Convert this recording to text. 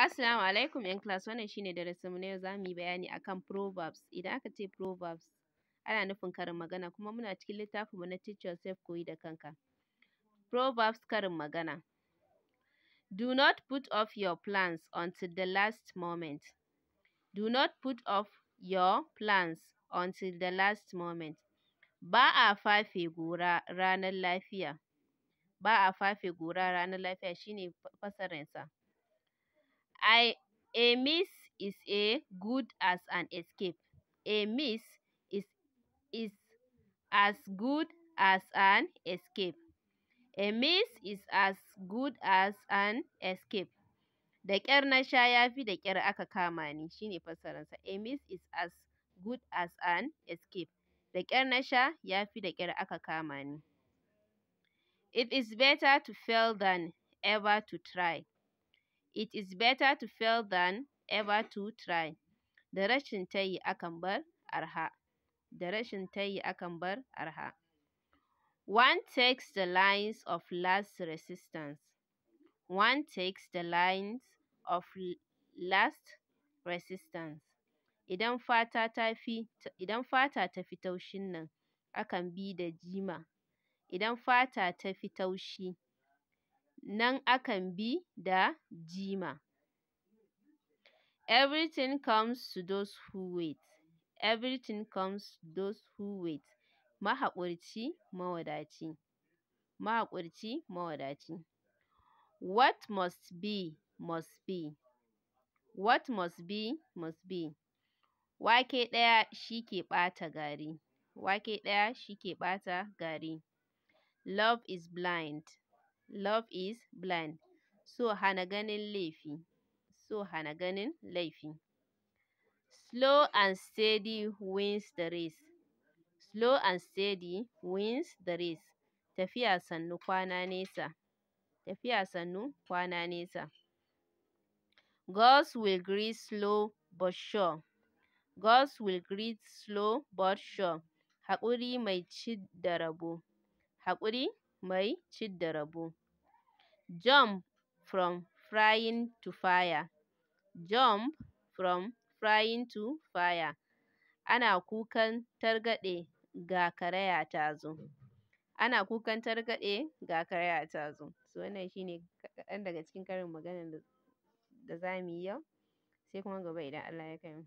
Assalamu alaikum ‘yan class, wannan shi ne mu na yau za yi bayani akan kan proverbs. Idan aka ce proverbs ana nufin karin magana kuma muna cikin mu na teach yourself koyi da kanka. Proverbs karin magana. Do not put off your plans until the last moment. Do not put off your plans until the last moment. Ba a fafe gora ranar lafiya. Ba a fafe gora ranar lafiya shi ne A miss is as good as an escape. A miss is, is as good as an escape. A miss is as good as an escape. Da ƙyar na sha yafi da ƙyar aka kama ni shine fassararsa. A miss is as good as an escape. Da ƙyar na sha yafi da ƙyar aka kama ni. It is better to fail than ever to try. It is better to fail than ever to try. Da rashin tayi akan bar arha. Da rashin tayi akan bar arha. One takes the lines of last resistance. One takes the lines of last resistance. Idan fata ta fi idan fata ta fi taushin nan, akan bi da jima. Idan fata ta fi taushi. nan akan bi da jima. Everything comes to those who wait. Everything comes to those who wait. Mahaƙurci, mawadaci. Mahaƙurci, mawadaci. What must be, must be. What must be, must be. Wake ɗaya shi ke ɓata gari. Wake ɗaya shi ke ɓata gari. Love is blind. Love is blind. So hana ganin laifi. So hana ganin laifi. Slow and steady wins the race. Slow and steady wins the race. Tafiya sannu kwana nesa. Tafiya sannu kwana nesa. Gods will greet slow but sure. Gods will greet slow but sure. Haƙuri mai cin da rabo. Haƙuri mai cin da rabo. Jump from frying to fire Jump from frying to fire Ana kukan targaɗe ga karaya ta zo. Ana kukan targaɗe ga karaya ta zo. So wannan shi ne kaɗan daga cikin karin maganan da zamu yi yau, sai kuma gobe idan Allah ya kai mu.